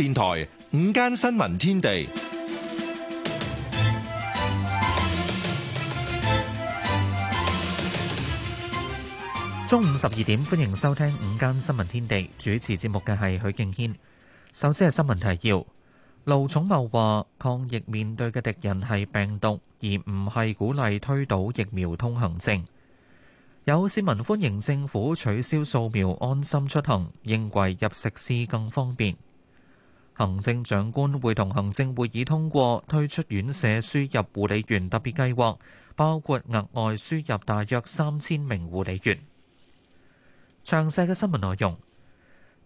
電台午間新聞天地，中午十二點，歡迎收聽午間新聞天地。主持節目嘅係許敬軒。首先係新聞提要。盧寵茂話，抗疫面對嘅敵人係病毒，而唔係鼓勵推倒疫苗通行證。有市民歡迎政府取消掃描安心出行，認為入食肆更方便。行政長官會同行政會議通過推出院舍輸入護理員特別計劃，包括額外輸入大約三千名護理員。詳細嘅新聞內容，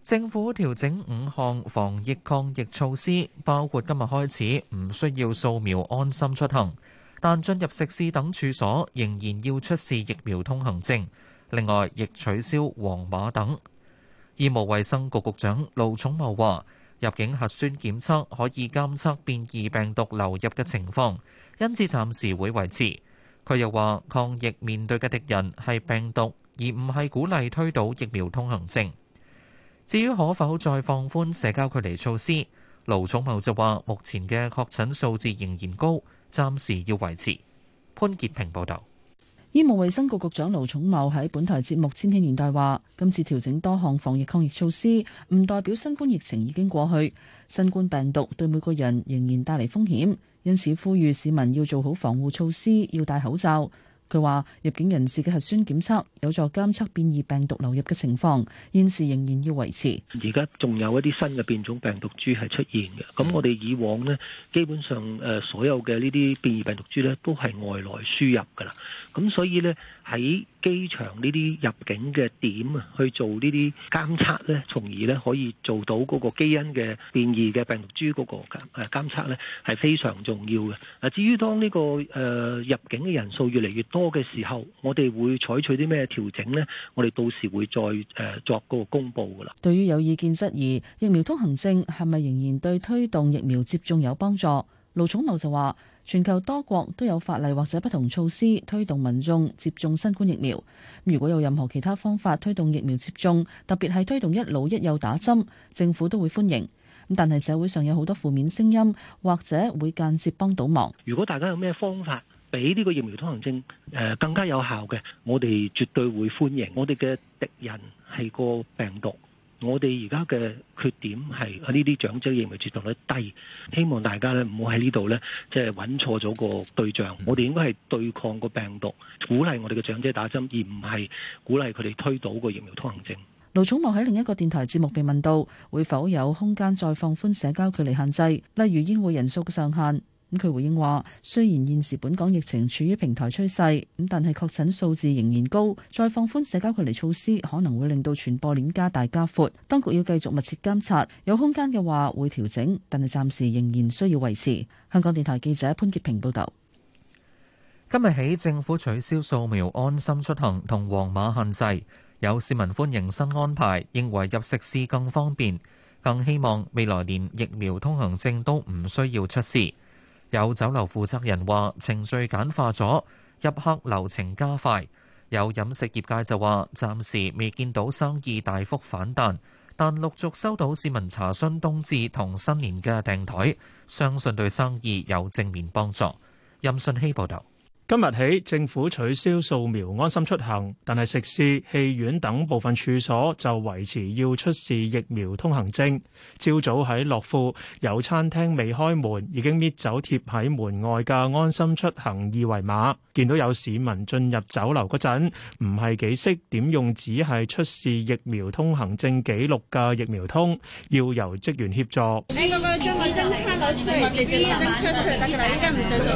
政府調整五項防疫抗疫措施，包括今日開始唔需要掃描安心出行，但進入食肆等處所仍然要出示疫苗通行證。另外，亦取消黃碼等。醫務衛生局局長盧寵茂話。入境核酸檢測可以監測變異病毒流入嘅情況，因此暫時會維持。佢又話抗疫面對嘅敵人係病毒，而唔係鼓勵推倒疫苗通行證。至於可否再放寬社交距離措施，盧寵茂就話目前嘅確診數字仍然高，暫時要維持。潘潔平報道。醫務衛生局局長盧寵茂喺本台節目《千禧年代》話：今次調整多項防疫抗疫措施，唔代表新冠疫情已經過去，新冠病毒對每個人仍然帶嚟風險，因此呼籲市民要做好防護措施，要戴口罩。佢話：入境人士嘅核酸檢測有助監測變異病毒流入嘅情況，現時仍然要維持。而家仲有一啲新嘅變種病毒株係出現嘅，咁我哋以往呢，基本上誒所有嘅呢啲變異病毒株咧都係外來輸入㗎啦，咁所以呢。喺機場呢啲入境嘅點啊，去做呢啲監測咧，從而咧可以做到嗰個基因嘅變異嘅病毒株嗰個誒監測咧，係非常重要嘅。嗱，至於當呢、呢個誒、呃、入境嘅人數越嚟越多嘅時候，我哋會採取啲咩調整咧？我哋到時會再誒作嗰個公佈噶啦。對於有意見質疑疫苗通行證係咪仍然對推動疫苗接種有幫助？盧寵茂就話。全球多國都有法例或者不同措施推動民眾接種新冠疫苗。如果有任何其他方法推動疫苗接種，特別係推動一老一幼打針，政府都會歡迎。但係社會上有好多負面聲音，或者會間接幫倒忙。如果大家有咩方法比呢個疫苗通行證誒更加有效嘅，我哋絕對會歡迎。我哋嘅敵人係個病毒。我哋而家嘅缺點係呢啲長者疫苗接種率低，希望大家咧唔好喺呢度咧即係揾錯咗個對象。我哋應該係對抗個病毒，鼓勵我哋嘅長者打針，而唔係鼓勵佢哋推倒個疫苗通行證。盧寵茂喺另一個電台節目被問到，會否有空間再放寬社交距離限制，例如煙會人數嘅上限？咁佢回應話：雖然現時本港疫情處於平台趨勢，咁但係確診數字仍然高，再放寬社交距離措施可能會令到傳播鏈加大加闊。當局要繼續密切監察，有空間嘅話會調整，但係暫時仍然需要維持。香港電台記者潘潔平報導。今日起政府取消掃描安心出行同黃碼限制，有市民歡迎新安排，認為入食肆更方便，更希望未來連疫苗通行證都唔需要出示。有酒樓負責人話：程序簡化咗，入客流程加快。有飲食業界就話，暫時未見到生意大幅反彈，但陸續收到市民查詢冬至同新年嘅訂枱，相信對生意有正面幫助。任信希報導。今日起，政府取消掃描安心出行，但係食肆，戲院等部分處所就維持要出示疫苗通行證。朝早喺樂富有餐廳未開門，已經搣走貼喺門外嘅安心出行二維碼。見到有市民進入酒樓嗰陣，唔係幾識點用，只係出示疫苗通行證記錄嘅疫苗通，要由職員協助。才才才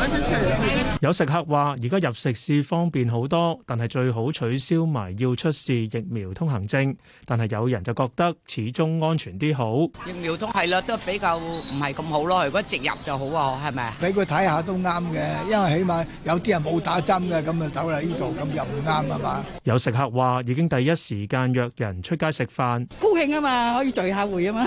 才才有食客話。話而家入食肆方便好多，但係最好取消埋要出示疫苗通行證。但係有人就覺得始終安全啲好。疫苗通係啦，都比較唔係咁好咯。如果直入就好啊，係咪？俾佢睇下都啱嘅，因為起碼有啲人冇打針嘅，咁啊走嚟呢度，咁又唔啱啊嘛。有食客話已經第一時間約人出街食飯，高興啊嘛，可以聚下會啊嘛，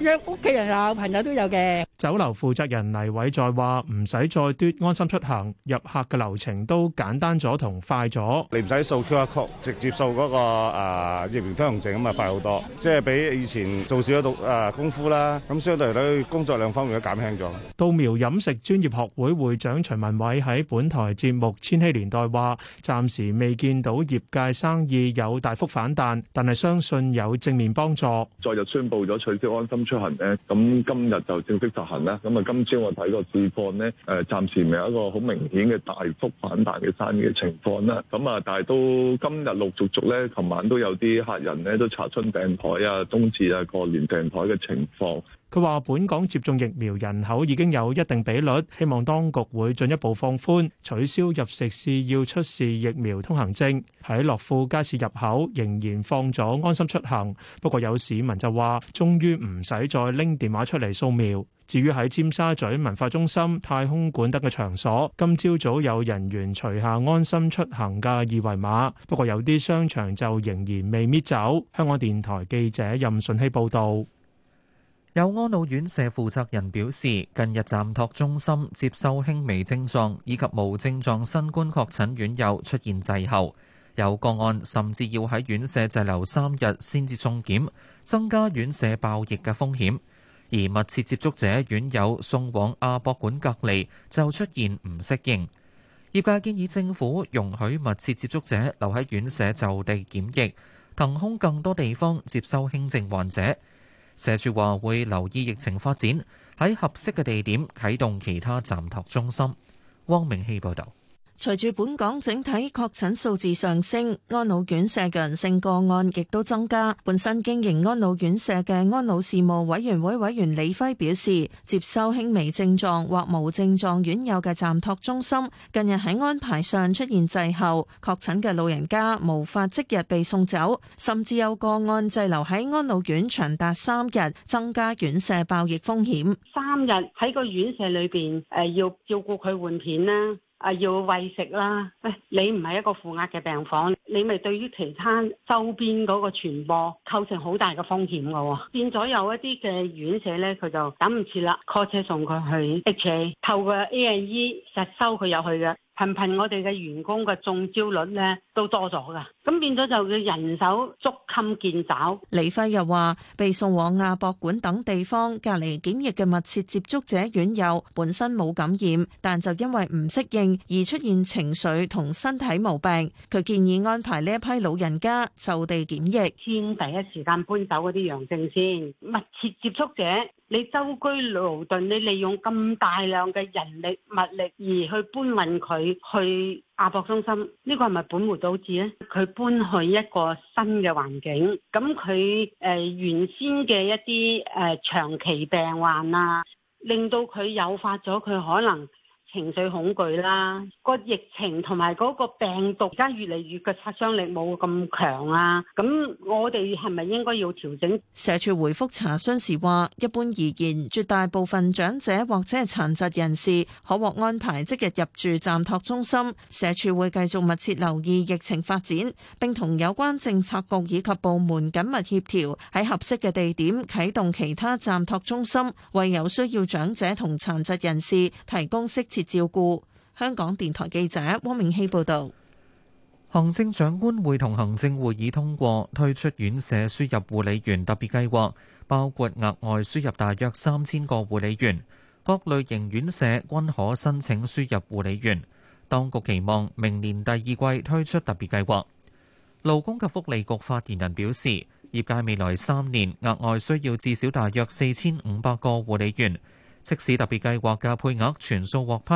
約屋企人啊，朋友都有嘅。酒樓負責人黎偉在話唔使再嘟安心出行入客。流程都簡單咗同快咗，你唔使掃 QR code，直接掃嗰個誒疫苗通行證咁啊，快好多。即係比以前做少咗啲誒功夫啦，咁相對嚟講工作量方面都減輕咗。稻苗飲食專業學會會長徐文偉喺本台節目《千禧年代》話：暫時未見到業界生意有大幅反彈，但係相信有正面幫助。昨日宣布咗取消安心出行咧，咁今日就正式實行啦。咁啊，今朝我睇個市況咧，誒暫時未有一個好明顯嘅大反彈嘅生意嘅情況啦，咁啊，但係都今日陸續續咧，琴晚都有啲客人咧都查詢訂台啊、冬至啊、過年訂台嘅情況。佢話：本港接種疫苗人口已經有一定比率，希望當局會進一步放寬，取消入食肆要出示疫苗通行證。喺樂富街市入口仍然放咗安心出行，不過有市民就話：終於唔使再拎電話出嚟掃描。至於喺尖沙咀文化中心、太空館等嘅場所，今朝早有人員除下安心出行嘅二維碼，不過有啲商場就仍然未搣走。香港電台記者任順希報導。有安老院舍負責人表示，近日暫托中心接收輕微症狀以及無症狀新冠確診院友出現滯後，有個案甚至要喺院舍滯留三日先至送檢，增加院舍爆疫嘅風險。而密切接觸者院友送往亞博館隔離就出現唔適應，業界建議政府容許密切接觸者留喺院舍就地檢疫，騰空更多地方接收輕症患者。社署話會留意疫情發展，喺合適嘅地點啟動其他暫託中心。汪明熙報道。隨住本港整體確診數字上升，安老院舍陽性個案亦都增加。本身經營安老院舍嘅安老事務委員會委員李輝表示，接收輕微症狀或無症狀院友嘅暫托中心，近日喺安排上出現滯後，確診嘅老人家無法即日被送走，甚至有個案滯留喺安老院長達三日，增加院舍爆疫風險。三日喺個院舍裏邊，誒、呃，要照顧佢換片啦。啊！要餵食啦，喂、哎，你唔係一個負壓嘅病房，你咪對於其他周邊嗰個傳播構成好大嘅風險㗎喎，變咗有一啲嘅院舍咧，佢就等唔切啦，call 車送佢去 HA，透過 A&E 實收佢入去嘅。頻頻我哋嘅員工嘅中招率呢都多咗㗎，咁變咗就叫人手捉襟見肘。李輝又話：被送往亞博館等地方隔離檢疫嘅密切接觸者院友，本身冇感染，但就因為唔適應而出現情緒同身體毛病。佢建議安排呢一批老人家就地檢疫，先第一時間搬走嗰啲陽性先密切接觸者。你周居勞頓，你利用咁大量嘅人力物力而去搬運佢去亞博中心，呢、這個係咪本末倒置咧？佢搬去一個新嘅環境，咁佢誒原先嘅一啲誒、呃、長期病患啊，令到佢誘發咗佢可能。情緒恐懼啦，個疫情同埋嗰個病毒真係越嚟越嘅殺傷力冇咁強啊，咁我哋係咪應該要調整？社署回覆查詢時話：一般而言，絕大部分長者或者係殘疾人士可獲安排即日入住暫托中心。社署會繼續密切留意疫情發展，並同有關政策局以及部門緊密協調，喺合適嘅地點啟動其他暫托中心，為有需要長者同殘疾人士提供適切。照顧香港電台記者汪明熙報道。行政長官會同行政會議通過推出院舍輸入護理員特別計劃，包括額外輸入大約三千個護理員，各類型院舍均可申請輸入護理員。當局期望明年第二季推出特別計劃。勞工及福利局發言人表示，業界未來三年額外需要至少大約四千五百個護理員。即使特別計劃嘅配額全數獲批，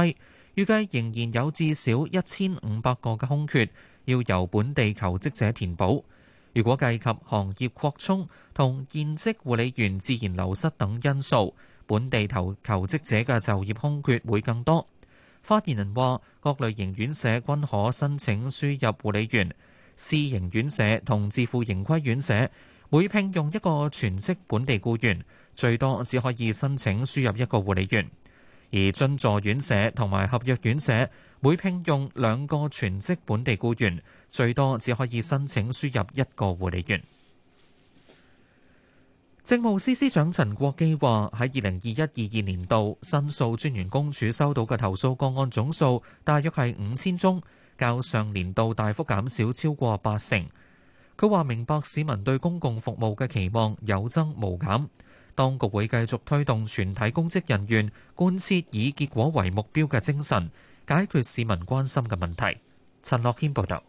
預計仍然有至少一千五百個嘅空缺要由本地求職者填補。如果計及行業擴充同現職護理員自然流失等因素，本地求求職者嘅就業空缺會更多。發言人話：各類型院舍均可申請輸入護理員，私營院舍同自負盈虧院舍每聘用一個全職本地僱員。最多只可以申請輸入一個護理員，而津助院舍同埋合約院舍每聘用兩個全職本地僱員，最多只可以申請輸入一個護理員。政務司司長陳國基話：喺二零二一、二二年度，申訴專員公署收到嘅投訴個案總數大約係五千宗，較上年度大幅減少超過八成。佢話明白市民對公共服務嘅期望有增無減。當局會繼續推動全體公職人員貫徹以結果為目標嘅精神，解決市民關心嘅問題。陳樂謙報道，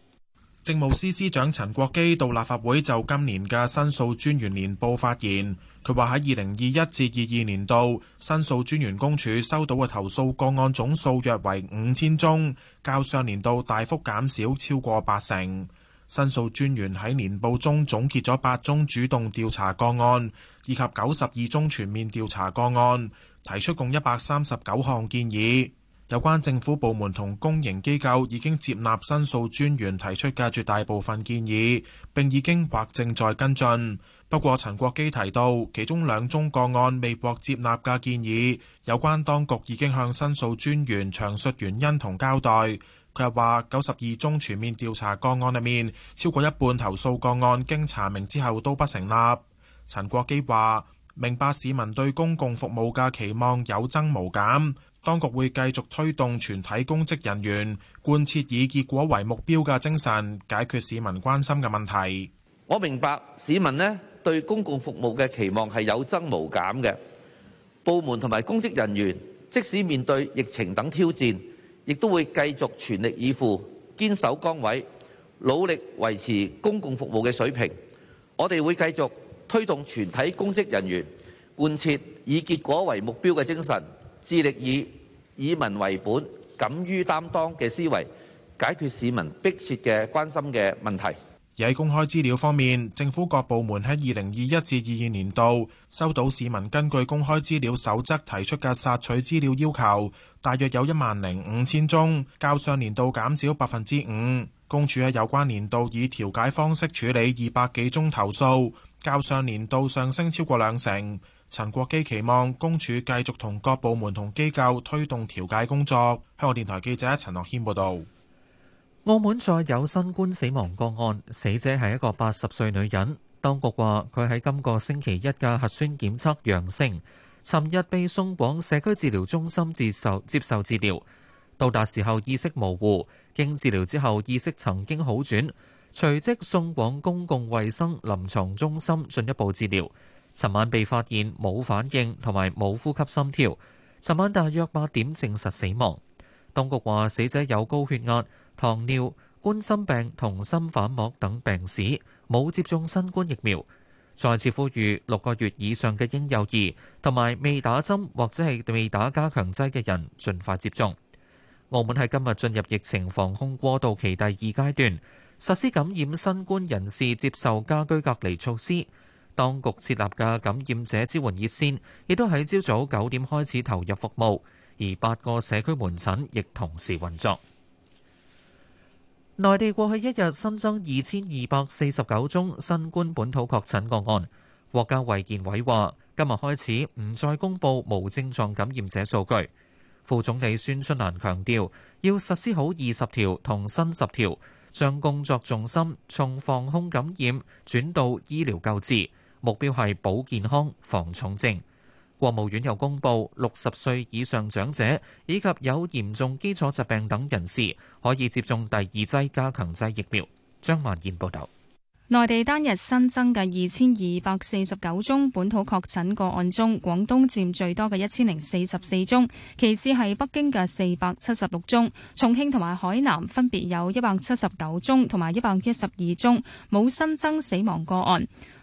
政務司司長陳國基到立法會就今年嘅申訴專員年報發言，佢話喺二零二一至二二年度，申訴專員公署收到嘅投訴個案總數約為五千宗，較上年度大幅減少超過八成。申訴專員喺年報中總結咗八宗主動調查個案，以及九十二宗全面調查個案，提出共一百三十九項建議。有關政府部門同公營機構已經接納申訴專員提出嘅絕大部分建議，並已經或正在跟進。不過，陳國基提到，其中兩宗個案未獲接納嘅建議，有關當局已經向申訴專員詳述原因同交代。佢又話：九十二宗全面調查個案入面，超過一半投訴個案經查明之後都不成立。陳國基話：明白市民對公共服務嘅期望有增無減，當局會繼續推動全體公職人員貫徹以結果為目標嘅精神，解決市民關心嘅問題。我明白市民呢對公共服務嘅期望係有增無減嘅，部門同埋公職人員即使面對疫情等挑戰。亦都會繼續全力以赴，堅守崗位，努力維持公共服務嘅水平。我哋會繼續推動全體公職人員貫徹以結果為目標嘅精神，致力以以民為本、敢於擔當嘅思維，解決市民迫切嘅關心嘅問題。而喺公開資料方面，政府各部門喺二零二一至二二年度收到市民根據公開資料守則提出嘅索取資料要求，大約有一萬零五千宗，較上年度減少百分之五。公署喺有關年度以調解方式處理二百幾宗投訴，較上年度上升超過兩成。陳國基期望公署繼續同各部門同機構推動調解工作。香港電台記者陳樂軒報導。澳門再有新冠死亡個案，死者係一個八十歲女人。當局話佢喺今個星期一嘅核酸檢測陽性，尋日被送往社區治療中心接受接受治療，到達時候意識模糊，經治療之後意識曾經好轉，隨即送往公共衛生臨床中心進一步治療。尋晚被發現冇反應同埋冇呼吸心跳，尋晚大約八點證實死亡。當局話死者有高血壓。糖尿、冠心病同心瓣膜等病史冇接種新冠疫苗，再次呼籲六個月以上嘅嬰幼兒同埋未打針或者係未打加強劑嘅人，盡快接種。澳門喺今日進入疫情防控過渡期第二階段，實施感染新冠人士接受家居隔離措施。當局設立嘅感染者支援熱線，亦都喺朝早九點開始投入服務，而八個社區門診亦同時運作。內地過去一日新增二千二百四十九宗新冠本土確診個案。國家衛健委話，今日開始唔再公布無症狀感染者數據。副總理孫春蘭強調，要實施好二十條同新十條，將工作重心從防控感染轉到醫療救治，目標係保健康、防重症。國務院又公布，六十歲以上長者以及有嚴重基礎疾病等人士可以接種第二劑加強劑疫苗。張萬燕報導，內地單日新增嘅二千二百四十九宗本土確診個案中，廣東佔最多嘅一千零四十四宗，其次係北京嘅四百七十六宗，重慶同埋海南分別有一百七十九宗同埋一百一十二宗，冇新增死亡個案。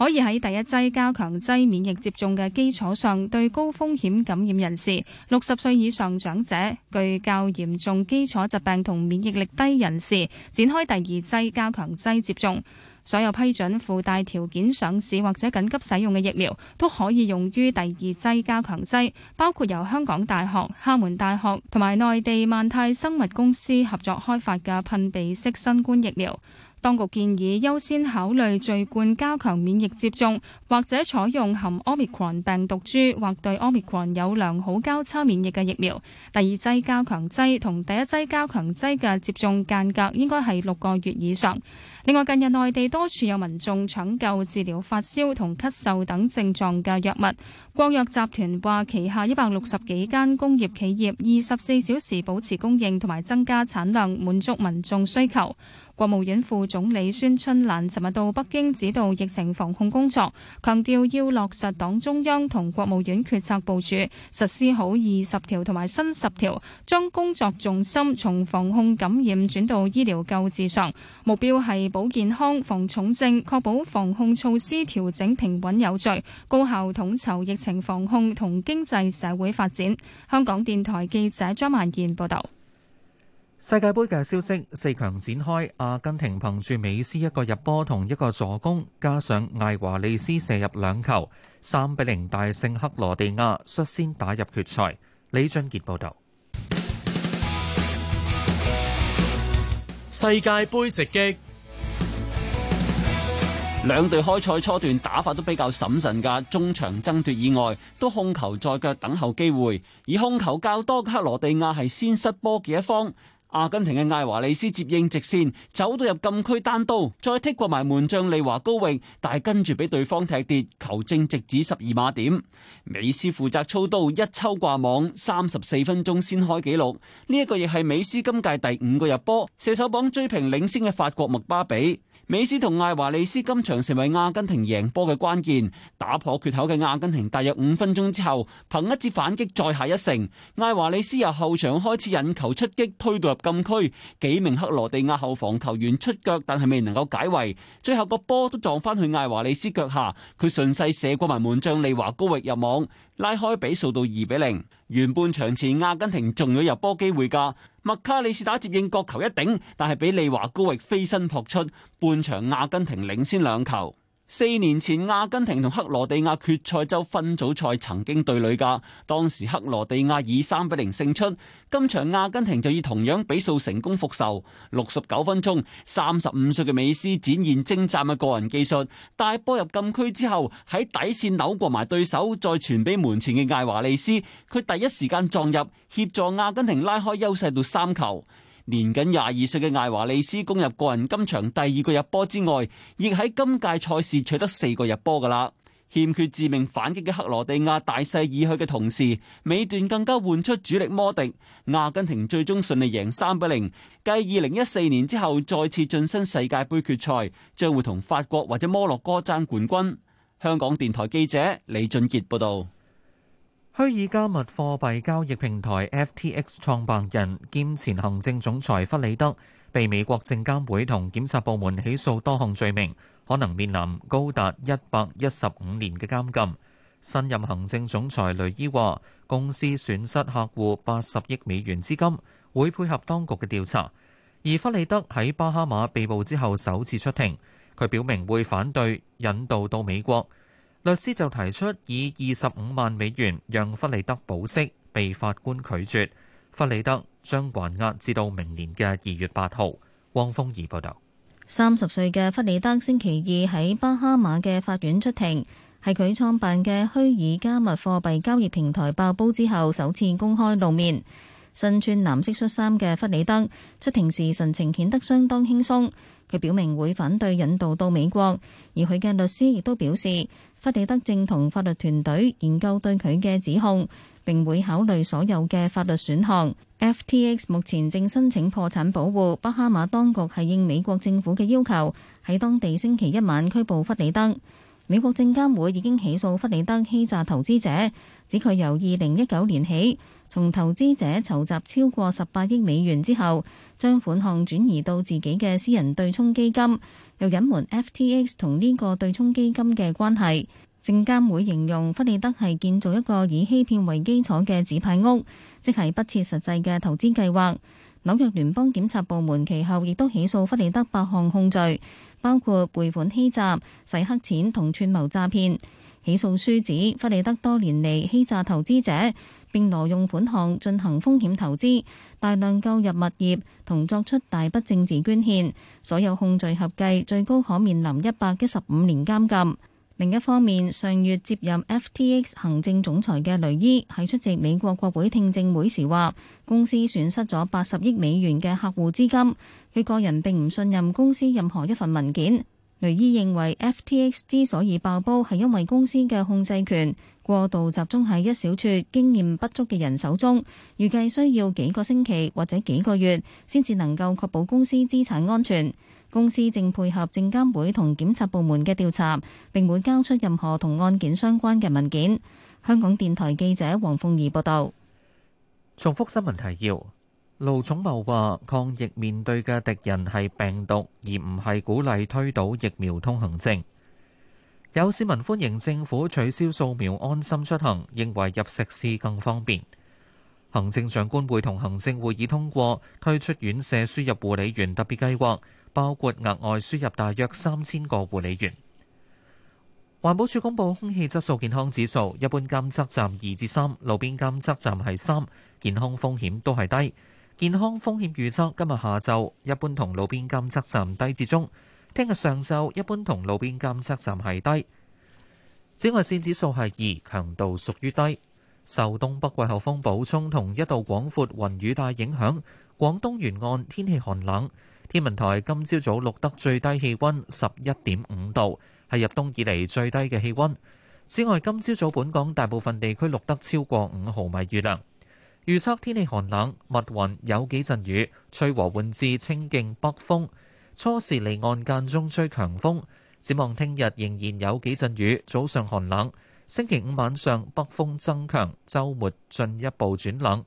可以喺第一劑加強劑免疫接種嘅基礎上，對高風險感染人士、六十歲以上長者、具較嚴重基礎疾病同免疫力低人士展開第二劑加強劑接種。所有批准附帶條件上市或者緊急使用嘅疫苗都可以用於第二劑加強劑，包括由香港大學、廈門大學同埋內地萬泰生物公司合作開發嘅噴鼻式新冠疫苗。當局建議優先考慮序貫加強免疫接種，或者採用含奧密克戎病毒株或對奧密克戎有良好交叉免疫嘅疫苗。第二劑加強劑同第一劑加強劑嘅接種間隔應該係六個月以上。另外，近日內地多處有民眾搶購治療發燒同咳嗽等症狀嘅藥物。國藥集團話，旗下一百六十幾間工業企業二十四小時保持供應同埋增加產量，滿足民眾需求。國務院副總理孫春蘭尋日到北京指導疫情防控工作，強調要落實黨中央同國務院決策部署，實施好二十條同埋新十條，將工作重心從防控感染轉到醫療救治上，目標係保健康、防重症，確保防控措施調整平穩有序、高效統籌疫情防控同經濟社會發展。香港電台記者張曼燕報道。世界杯嘅消息，四強展開。阿根廷憑住美斯一個入波同一個助攻，加上艾華利斯射入兩球，三比零大勝克羅地亞，率先打入決賽。李俊杰報道。世界杯直擊，兩隊開賽初段打法都比較審慎㗎，中場爭奪以外都控球在腳，等候機會。而控球較多嘅克羅地亞係先失波嘅一方。阿根廷嘅艾華里斯接應直線走到入禁區單刀，再踢過埋門將利華高域，但係跟住俾對方踢跌，球證直指十二碼點。美斯負責操，操刀一抽掛網，三十四分鐘先開紀錄，呢、這、一個亦係美斯今屆第五個入波，射手榜追平領先嘅法國麥巴比。美斯同艾華利斯今場成為阿根廷贏波嘅關鍵，打破缺口嘅阿根廷大約五分鐘之後，憑一次反擊再下一城。艾華利斯由後場開始引球出擊，推到入禁區，幾名克羅地亞後防球員出腳，但係未能夠解圍，最後個波都撞返去艾華利斯腳下，佢順勢射過埋門將利華高域入網。拉開比數到二比零，完半場前阿根廷仲有入波機會㗎，麥卡利斯打接應角球一頂，但係俾利華高域飛身撲出，半場阿根廷領先兩球。四年前，阿根廷同克羅地亞決賽周分組賽曾經對壘噶，當時克羅地亞以三比零勝出。今場阿根廷就以同樣比數成功復仇。六十九分鐘，三十五歲嘅美斯展現精湛嘅個人技術，帶波入禁區之後，喺底線扭過埋對手，再傳俾門前嘅艾華利斯，佢第一時間撞入，協助阿根廷拉開優勢到三球。年僅廿二歲嘅艾華利斯攻入個人今場第二個入波之外，亦喺今屆賽事取得四個入波㗎喇。欠缺致命反擊嘅克羅地亞大勢已去嘅同時，尾段更加換出主力摩迪。阿根廷最終順利贏三比零，繼二零一四年之後再次晉身世界盃決賽，將會同法國或者摩洛哥爭冠軍。香港電台記者李俊傑報道。虛擬加密貨幣交易平台 FTX 創辦人兼前行政總裁弗里德被美國證監會同檢察部門起訴多項罪名，可能面臨高達一百一十五年嘅監禁。新任行政總裁雷伊話：公司損失客戶八十億美元資金，會配合當局嘅調查。而弗里德喺巴哈馬被捕之後首次出庭，佢表明會反對引渡到美國。律師就提出以二十五萬美元讓弗里德保釋，被法官拒絕。弗里德將還押至到明年嘅二月八號。汪峰儀報導，三十歲嘅弗里德星期二喺巴哈馬嘅法院出庭，係佢創辦嘅虛擬加密貨幣交易平台爆煲之後首次公開露面。身穿藍色恤衫嘅弗里德出庭時神情顯得相當輕鬆。佢表明會反對引渡到美國，而佢嘅律師亦都表示，弗里德正同法律團隊研究對佢嘅指控，並會考慮所有嘅法律選項。FTX 目前正申請破產保護。巴哈馬當局係應美國政府嘅要求，喺當地星期一晚拘捕弗里德。美國證監會已經起訴弗里德欺詐投資者，指佢由二零一九年起，從投資者籌集超過十八億美元之後，將款項轉移到自己嘅私人對沖基金，又隱瞞 FTX 同呢個對沖基金嘅關係。證監會形容弗里德係建造一個以欺騙為基礎嘅紙牌屋，即係不切實際嘅投資計劃。紐約聯邦檢察部門其後亦都起訴弗里德八項控罪，包括匯款欺詐、洗黑錢同串謀詐騙。起訴書指，弗利德多年嚟欺詐投資者，並挪用本行進行風險投資，大量購入物業同作出大筆政治捐獻，所有控罪合計最高可面臨一百一十五年監禁。另一方面，上月接任 FTX 行政總裁嘅雷伊喺出席美國國會聽證會時話，公司損失咗八十億美元嘅客戶資金，佢個人並唔信任公司任何一份文件。雷伊認為，FTX 之所以爆煲，係因為公司嘅控制權過度集中喺一小撮經驗不足嘅人手中。預計需要幾個星期或者幾個月，先至能夠確保公司資產安全。公司正配合證監會同檢察部門嘅調查，並會交出任何同案件相關嘅文件。香港電台記者黃鳳儀報道。重複新聞提要。盧寵茂話：抗疫面對嘅敵人係病毒，而唔係鼓勵推倒疫苗通行證。有市民歡迎政府取消掃描安心出行，認為入食肆更方便。行政長官會同行政會議通過推出院舍輸入護理員特別計劃，包括額外輸入大約三千個護理員。環保署公布空氣質素健康指數，一般監測站二至三，路邊監測站係三，健康風險都係低。健康風險預測今日下晝一般同路邊監測站低至中，聽日上晝一般同路邊監測站係低。紫外線指數係二，強度屬於低。受東北季候風補充同一道廣闊雲雨帶影響，廣東沿岸天氣寒冷。天文台今朝早錄得最低氣温十一點五度，係入冬以嚟最低嘅氣温。此外，今朝早本港大部分地區錄得超過五毫米雨量。預測天氣寒冷，密雲有幾陣雨，吹和緩至清勁北風。初時離岸間中吹強風。展望聽日仍然有幾陣雨，早上寒冷。星期五晚上北風增強，周末進一步轉冷。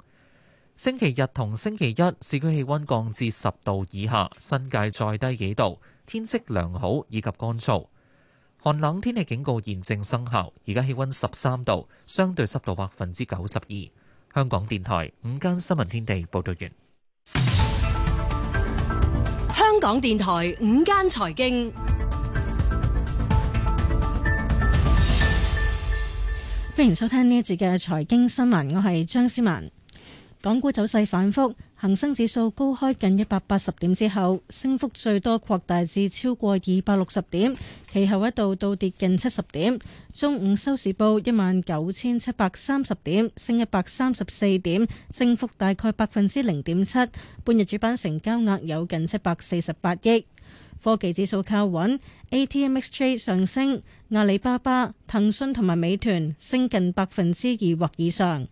星期日同星期一市區氣溫降至十度以下，新界再低幾度。天色良好以及乾燥。寒冷天氣警告現正生效。而家氣溫十三度，相對濕度百分之九十二。香港電台午間新聞天地報道完。香港電台午間財經，歡迎 收聽呢一節嘅財經新聞，我係張思文。港股走勢反覆，恒生指數高開近一百八十點之後，升幅最多擴大至超過二百六十點，其後一度倒跌近七十點。中午收市報一萬九千七百三十點，升一百三十四點，升幅大概百分之零點七。半日主板成交額有近七百四十八億。科技指數靠穩，ATMXJ 上升，阿里巴巴、騰訊同埋美團升近百分之二或以上。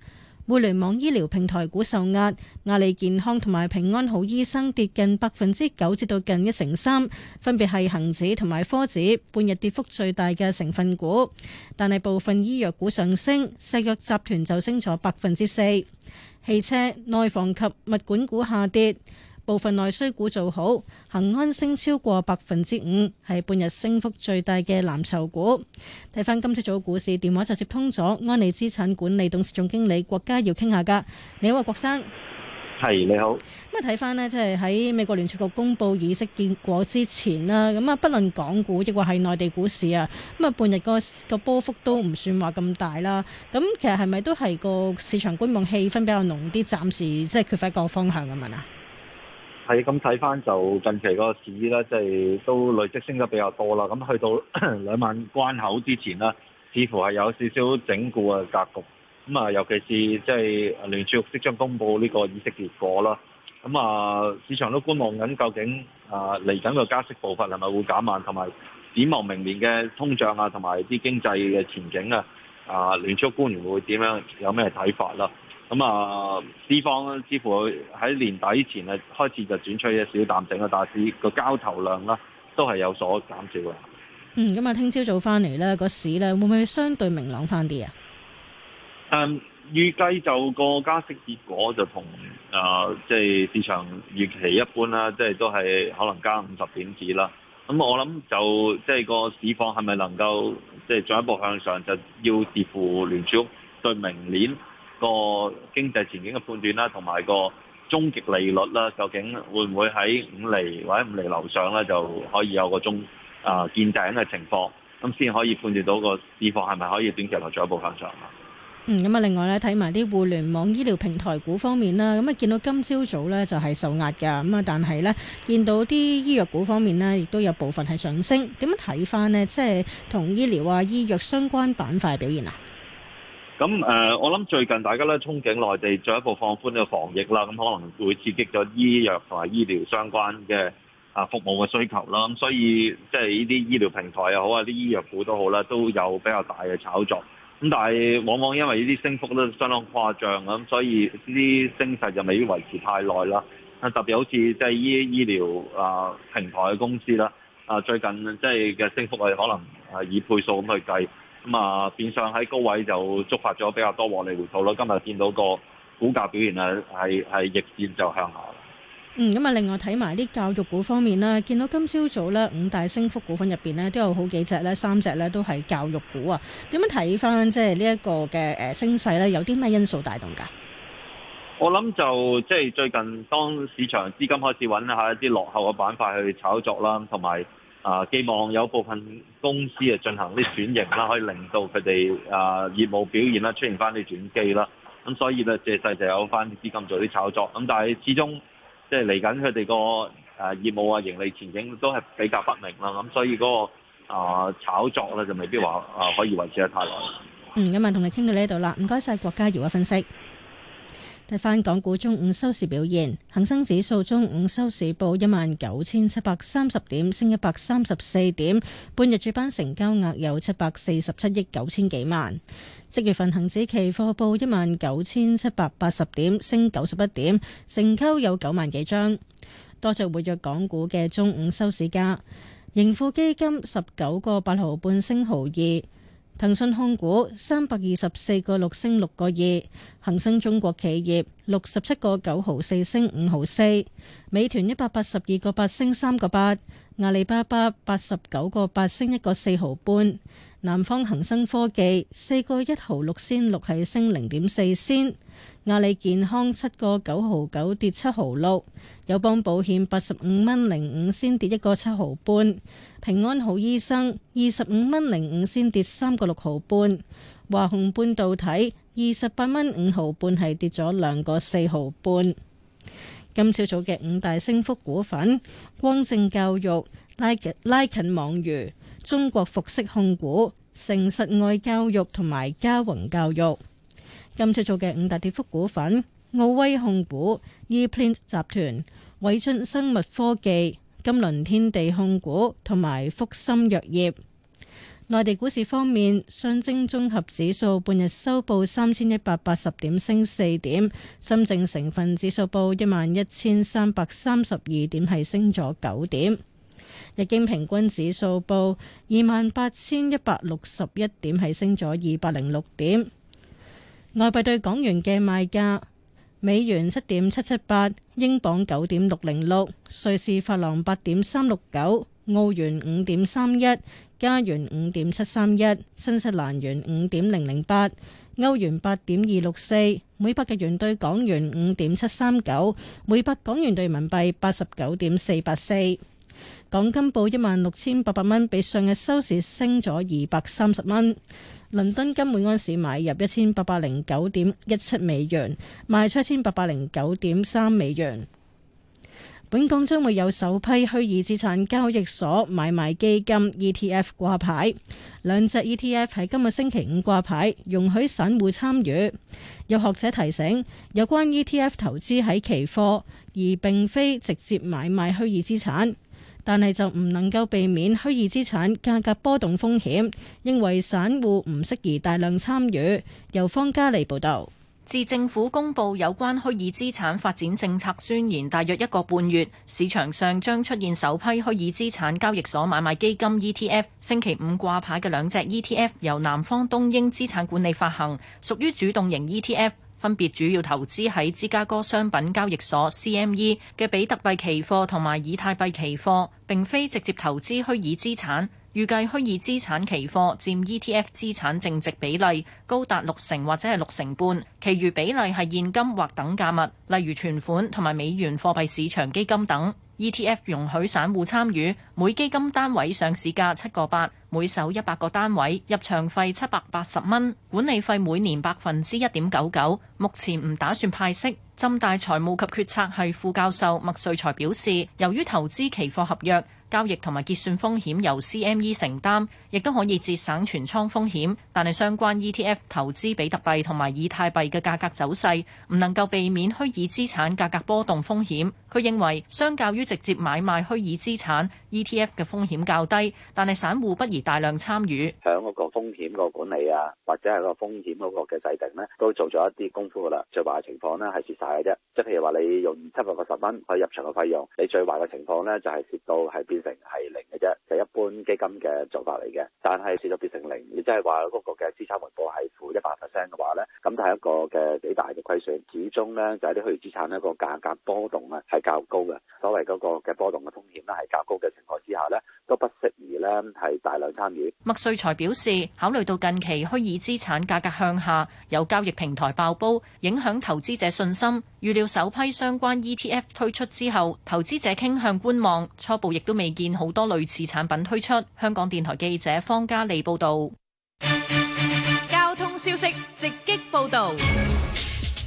互聯網醫療平台股受壓，阿里健康同埋平安好醫生跌近百分之九，至到近一成三，分別係恒指同埋科指半日跌幅最大嘅成分股。但係部分醫藥股上升，石藥集團就升咗百分之四。汽車、內房及物管股下跌。部分內需股做好，恒安升超過百分之五，係半日升幅最大嘅藍籌股。睇翻，今朝早股市電話就接通咗安利資產管理董事總經理郭家耀，傾下噶。你好，郭生，係你好。咁啊，睇翻呢，即係喺美國聯儲局公布議息結果之前啦。咁啊，不論港股亦或係內地股市啊，咁啊，半日個個波幅都唔算話咁大啦。咁其實係咪都係個市場觀望氣氛比較濃啲，暫時即係缺乏個方向咁啊？係咁睇翻就近期個市咧，即、就、係、是、都累積升得比較多啦。咁去到 兩萬關口之前咧，似乎係有少少整固嘅格局。咁啊，尤其是即係聯儲局即將公佈呢個議息結果啦。咁啊，市場都觀望緊究竟啊嚟緊個加息步伐係咪會減慢，同埋展望明年嘅通脹啊，同埋啲經濟嘅前景啊。啊，聯儲局官員會點樣有咩睇法啦？咁啊，市況咧，似乎喺年底前咧開始就轉出一少淡靜啦，大市，個交投量咧都係有所減少嘅、嗯。嗯，咁啊，聽朝早翻嚟咧，個市咧會唔會相對明朗翻啲啊？嗯，預計就個加息結果就同啊，即係市場預期一般啦，即係都係可能加五十點子啦。咁我諗就即係個市況係咪能夠即係進一步向上，就要視乎聯儲局對明年。個經濟前景嘅判斷啦，同埋個終極利率啦，究竟會唔會喺五厘或者五厘樓上咧，就可以有個中啊、呃、見頂嘅情況，咁先可以判斷到個市況係咪可以短期內進一步向上啊？嗯，咁啊，另外咧睇埋啲互聯網醫療平台股方面啦，咁啊見到今朝早咧就係受壓㗎，咁啊但係咧見到啲醫藥股方面咧，亦都有部分係上升，點樣睇翻呢？即係同醫療啊、醫藥相關板塊表現啊？咁誒、呃，我諗最近大家咧憧憬內地進一步放寬嘅防疫啦，咁可能會刺激咗醫藥同埋醫療相關嘅啊服務嘅需求啦，咁所以即係呢啲醫療平台又好啊，啲醫藥股都好啦，都有比較大嘅炒作。咁但係往往因為呢啲升幅都相當誇張咁，所以呢啲升勢就未維持太耐啦。特別好似即係呢醫療啊平台嘅公司啦，啊最近即係嘅升幅係可能啊以倍數咁去計。咁啊，變相喺高位就觸發咗比較多獲利回吐咯。今日見到個股價表現啊，係係逆轉就向下。嗯，咁啊，另外睇埋啲教育股方面啦，見到今朝早咧五大升幅股份入邊咧，都有好幾隻咧，三隻咧都係教育股啊。點樣睇翻即係呢一個嘅誒升勢咧？有啲咩因素帶動㗎？我諗就即係最近當市場資金開始揾下一啲落後嘅板塊去炒作啦，同埋，啊，希望有部分公司啊進行啲轉型啦，可以令到佢哋啊業務表現啦出現翻啲轉機啦。咁、啊、所以咧，借勢就有翻啲資金做啲炒作。咁、啊、但係始終即係嚟緊佢哋個啊業務啊盈利前景都係比較不明啦。咁、啊、所以嗰、那個啊炒作咧就未必話啊可以維持得太耐。嗯，咁啊同你傾到呢度啦，唔該晒郭家瑤嘅分析。睇翻港股中午收市表現，恒生指數中午收市報一萬九千七百三十點，升一百三十四點。半日主板成交額有七百四十七億九千幾萬。即月份恒指期貨報一萬九千七百八十點，升九十一點，成交有九萬幾張。多隻活躍港股嘅中午收市價，盈富基金十九個八毫半升毫二。騰訊控股三百二十四個六升六個二，恒生中國企業六十七個九毫四升五毫四，4, 4. 4. 4. 5. 5. 5. 美團一百八十二個八升三個八，阿里巴巴八十九個八升一個四毫半，南方恒生科技四個一毫六仙六係升零點四仙，阿里健康七個九毫九跌七毫六。友邦保險八十五蚊零五先跌一個七毫半，平安好醫生二十五蚊零五先跌三個六毫半，華虹半導體二十八蚊五毫半係跌咗兩個四毫半。今朝早嘅五大升幅股份：光正教育、拉近拉近網娛、中國服飾控股、成實外教育同埋嘉宏教育。今朝早嘅五大跌幅股份：奧威控股、E-Plant 集團、偉俊生物科技、金輪天地控股同埋福森藥業。內地股市方面，上證綜合指數半日收報三千一百八十點，升四點；深證成分指數報一萬一千三百三十二點，係升咗九點；日經平均指數報二萬八千一百六十一點，係升咗二百零六點。外幣對港元嘅賣價。美元七點七七八，英鎊九點六零六，瑞士法郎八點三六九，澳元五點三一，加元五點七三一，新西蘭元五點零零八，歐元八點二六四，每百日元對港元五點七三九，每百港元對人民幣八十九點四八四。港金報一萬六千八百蚊，16，比上日收市升咗二百三十蚊。倫敦金每安士買入一千八百零九點一七美元，賣出一千八百零九點三美元。本港將會有首批虛擬資產交易所買賣基金 ETF 掛牌，兩隻 ETF 喺今個星期五掛牌，容許散戶參與。有學者提醒，有關 ETF 投資喺期貨，而並非直接買賣虛擬資產。但係就唔能夠避免虛擬資產價格波動風險，認為散戶唔適宜大量參與。由方家利報道，自政府公布有關虛擬資產發展政策宣言大約一個半月，市場上將出現首批虛擬資產交易所買賣基金 ETF。星期五掛牌嘅兩隻 ETF 由南方東英資產管理發行，屬於主動型 ETF。分別主要投資喺芝加哥商品交易所 （CME） 嘅比特幣期貨同埋以太幣期貨，並非直接投資虛擬資產。預計虛擬資產期貨佔 ETF 資產淨值比例高達六成或者係六成半，其餘比例係現金或等價物，例如存款同埋美元貨幣市場基金等。ETF 容許散戶參與，每基金單位上市價七個八，每手一百個單位，入場費七百八十蚊，管理費每年百分之一點九九，目前唔打算派息。浸大財務及決策系副教授麥瑞才表示，由於投資期貨合約。交易同埋結算風險由 CME 承擔，亦都可以節省存倉風險。但係相關 ETF 投資比特幣同埋以太幣嘅價格走勢唔能夠避免虛擬資產價格波動風險，佢認為相較於直接買賣虛擬資產 ETF 嘅風險較低，但係散戶不宜大量參與。響嗰個風險個管理啊，或者係個風險嗰個嘅制定咧，都做咗一啲功夫噶啦。最壞情況咧係蝕晒嘅啫。即係譬如話你用七百八十蚊去入場嘅費用，你最壞嘅情況咧就係蝕到係變。成係零嘅啫，就一般基金嘅做法嚟嘅。但係跌咗變成零，亦即係話嗰個嘅資產回報係負一百 percent 嘅話咧，咁係一個嘅幾大嘅虧損。始終咧就係啲虛擬資產咧個價格波動啊，係較高嘅。所謂嗰個嘅波動嘅通。麥瑞才表示，考慮到近期虛擬資產價格向下，有交易平台爆煲，影響投資者信心，預料首批相關 ETF 推出之後，投資者傾向觀望。初步亦都未見好多類似產品推出。香港電台記者方嘉利報道。交通消息直擊報導。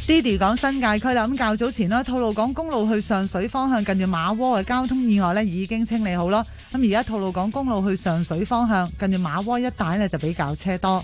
Diddy 講新界區啦，咁較早前啦，吐露港公路去上水方向近住馬窩嘅交通意外咧已經清理好咯。咁而家吐露港公路去上水方向近住馬窩一帶咧就比較車多。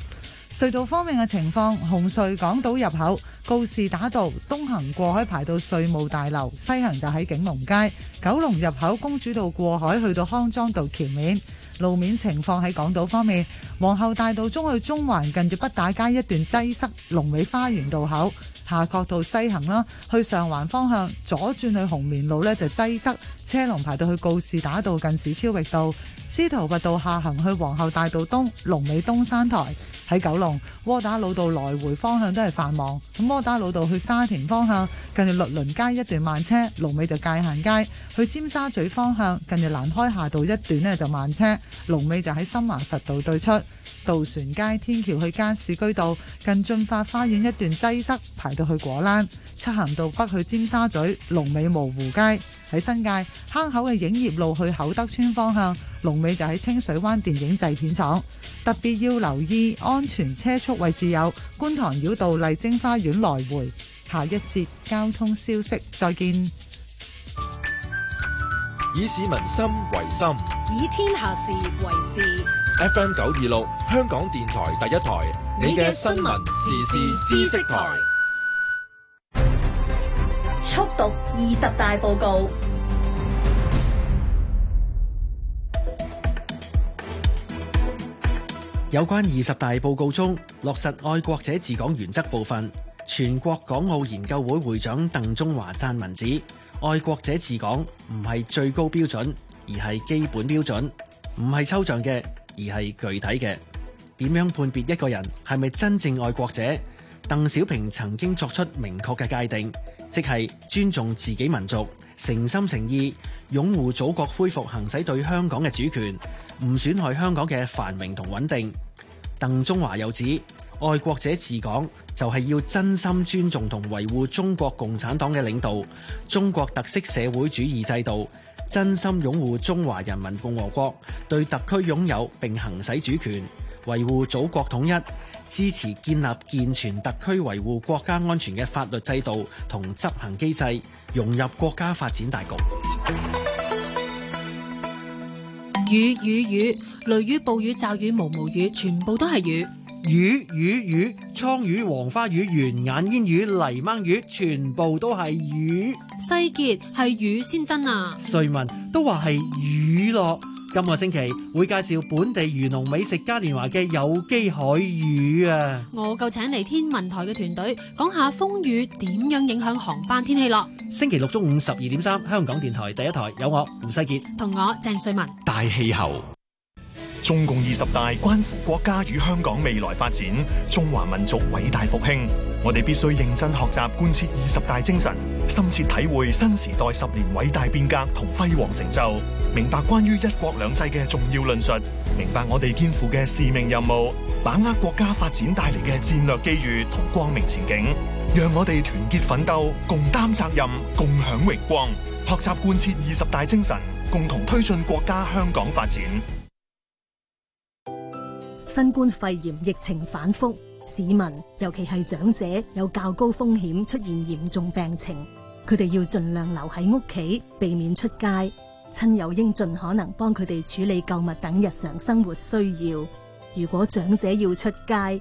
隧道方面嘅情況，紅隧港島入口告士打道東行過海排到稅務大樓，西行就喺景隆街；九龍入口公主道過海去到康莊道橋面。路面情況喺港島方面，皇后大道中去中環近住畢打街一段擠塞，龍尾花園道口。下角道西行啦，去上環方向左轉去紅棉路呢，就擠塞，車龍排到去告士打道近市超域道。司徒拔道下行去皇后大道東，龍尾東山台。喺九龍，窩打老道來回方向都係繁忙，咁窩打老道去沙田方向近住律倫街一段慢車，龍尾就界限街。去尖沙咀方向近住南開下道一段呢，就慢車，龍尾就喺深華實道對出。渡船街天橋去加士居道，近駿發花園一段擠塞，排到去果欄；漆咸道北去尖沙咀，龍尾模湖街。喺新界坑口嘅影業路去厚德村方向龍尾就喺清水灣電影製片廠。特別要留意安全車速位置，有觀塘繞道麗晶花園來回。下一節交通消息，再見。以市民心為心，以天下事為事。FM 九二六，香港電台第一台，你嘅新聞時事知識台，速讀二十大報告。 有關二十大報告中落實愛國者治港原則部分，全國港澳研究會會長鄧中華撰文指，愛國者治港唔係最高標準，而係基本標準，唔係抽象嘅。而係具體嘅，點樣判別一個人係咪真正愛國者？鄧小平曾經作出明確嘅界定，即係尊重自己民族，誠心誠意擁護祖國恢復行使對香港嘅主權，唔損害香港嘅繁榮同穩定。鄧中華又指，愛國者治港就係要真心尊重同維護中國共產黨嘅領導，中國特色社會主義制度。真心擁護中華人民共和國，對特區擁有並行使主權，維護祖國統一，支持建立健全特區維護國家安全嘅法律制度同執行機制，融入國家發展大局。雨雨雨，雷雨暴雨驟雨毛毛雨，雨，雨，全部都係雨。魚魚魚，鯧魚，魚，魚、黃花魚、圓眼煙魚、泥鯭魚，全部都係魚。西杰係魚先真啊！瑞文都話係魚咯。今個星期會介紹本地漁農美食嘉年華嘅有機海魚啊！我夠請嚟天文台嘅團隊講下風雨點樣影響航班天氣咯。星期六中午十二點三，3，香港電台第一台有我胡西杰同我鄭瑞文大氣候。中共二十大關乎國家與香港未來發展，中華民族偉大復興。我哋必須認真學習貫徹二十大精神，深切體會新時代十年偉大變革同輝煌成就，明白關於一國兩制嘅重要論述，明白我哋肩負嘅使命任務，把握國家發展帶嚟嘅戰略機遇同光明前景，讓我哋團結奮鬥，共擔責任，共享榮光，學習貫徹二十大精神，共同推進國家香港發展。新冠肺炎疫情反復，市民尤其係長者有較高風險出現嚴重病情，佢哋要盡量留喺屋企，避免出街。親友應盡可能幫佢哋處理購物等日常生活需要。如果長者要出街，